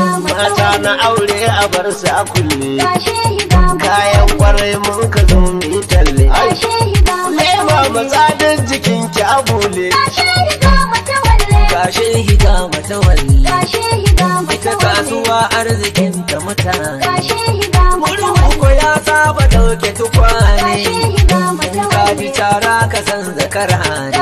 mata na aure a bar su a kulle kayan kwarai mun ka zo mu talle lema matsadin jikin ki a bule gashe higa mata walle ita kasuwa arzikin ta mutane ko ya saba dauke tukwane in ka bi tara ka san zakara ne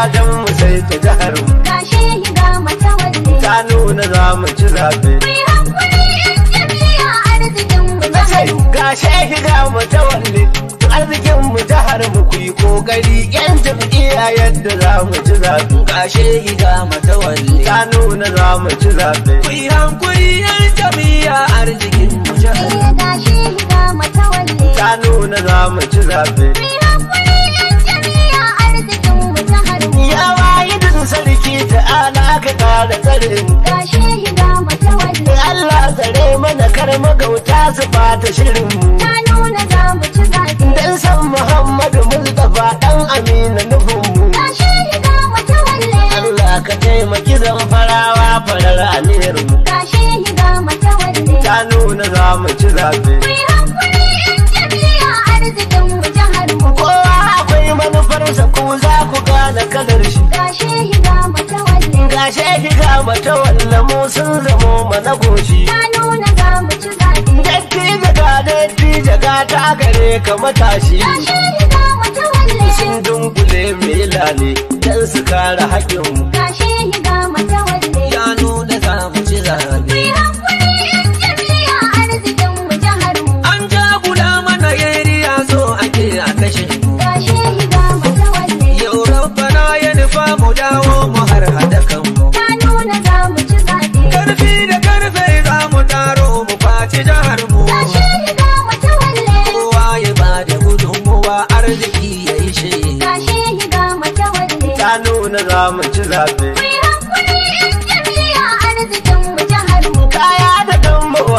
ladan mu sai ta jihar mu yi ga mata wanne ta nuna za mu ci zabe Kashe yi ga mata wanne arzikin mu jihar mu ku yi kokari yan jam'iyya yadda za mu ci zabe Kashe yi ga mata wanne ta nuna za mu ci zabe ku yi hankuri yan jami'a arzikin mu jaharu eh, mu yi ga mata wanne ta nuna za mu ci zabe ka kara tsare mu Allah tsare mana kar magauta su bata shirin mu ta nuna za mu ci zabe dan san Muhammadu Mustafa dan Amina nufin mu Allah ka taimaki zan farawa farar amirin mu gashe higa ta nuna za mu ci zabe Gashe gida mata walla mu sun zamo mana goshi. Ta nuna za mu ci zaɓe. Dattija ga dattija ga ta gare ka matashi. Gashe gida mata walla. Sun dunkule milale don su kare haƙƙinmu. Gashe gida mata walla. nuna za mu ci zaɓe. Kaya da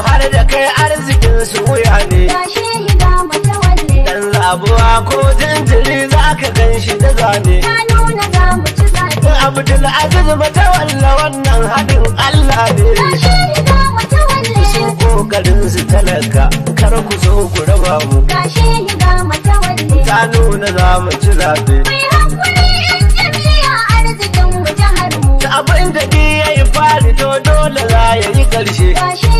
har da kai arzikin su wuya ne. Dan zabuwa ko jinjiri za ka gan shi da zane. Abdul Aziz mata walla wannan haɗin Allah ne. Sun kokarin su talaka kar ku zo ku raba mu. Ta nuna za mu ci zaɓe. so dole za ya yi karshe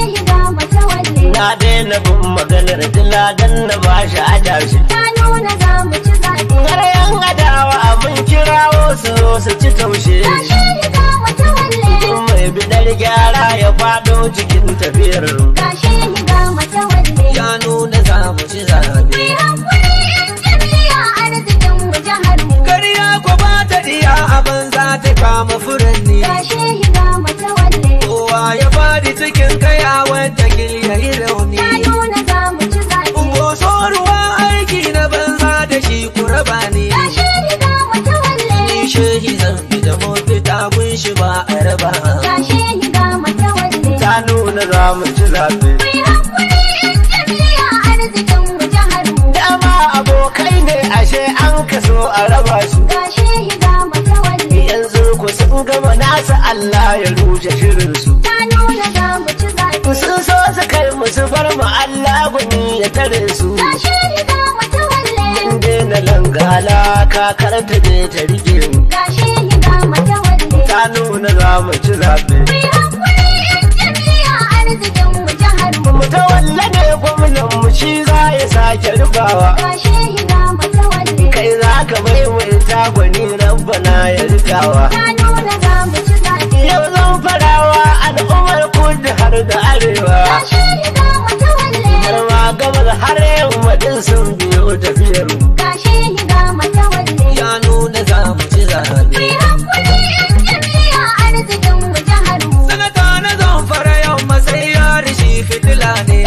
na daina bin maganar dila dan na ba shi a tashi ta nuna za mu ci zaɓe ƙarayen adawa abin kirawo su zo su ci taushe mai bidar gyara ya faɗo cikin tafiyar Allah ya shirin su. Ta nuna za mu ci zaɓe. Sun so su kai mu su bar mu Allah gwani ya tare su. Ta shiri za mu ta walle. In daina langala kakar ta je ta rike mu. Ga shiri za mu ta walle. Ta nuna za mu ci zaɓe. Mu yi hakuri in jami'a arzikin mu jihar mu. Mu ta walle ne gwamnan mu shi za ya sake rubawa. Ga shiri za mu ta walle. Kai za ka maimaita mai ta gwani rabbana ya rikawa. Ta har da arewa yarma gabas har yamma din sun biyo tafiyar ya nuna za mu ci zaɓe sanata na zamfara yau yari shi fitila ne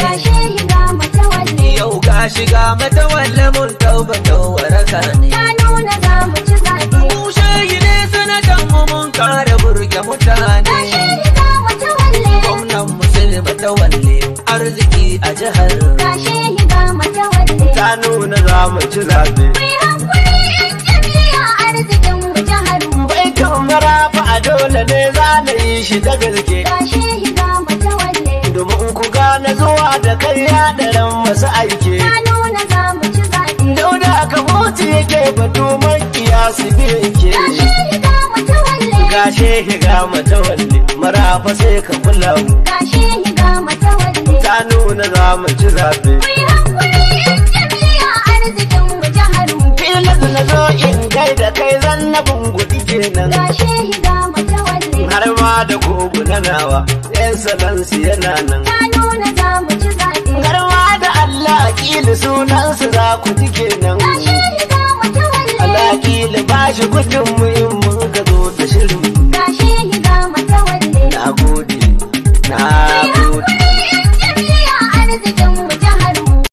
yau ga shiga matawalle mun ne ya nuna za mu ci zaɓe mu shayi ne sanatan mu mun kara burge mutane matawalle arziki a jihar kashe yi ga matawalle ta nuna za mu ci zabe mai hankuli yan jami'a arzikin mu jihar mu bai kamara fa a dole ne za na yi shi da gaske kashe yi ga matawalle domin ku gane zuwa da kai ya daren masu aike ta nuna za mu ci zabe dauda ka mutu yake batu makiya su biye ke kashe yi ga matawalle gashe higa mata walle marafa sai ka kula mu gashe ta nuna za mu ci zaɓe. Filin na zo in da kai zan na kenan. Har ma da kogu na nawa, ‘yan salansu yana nan. Ta nuna za mu ci zaɓe. Har ma da Allah kili sunansu za ku ji kenan. Alaƙili ba shi gudunmu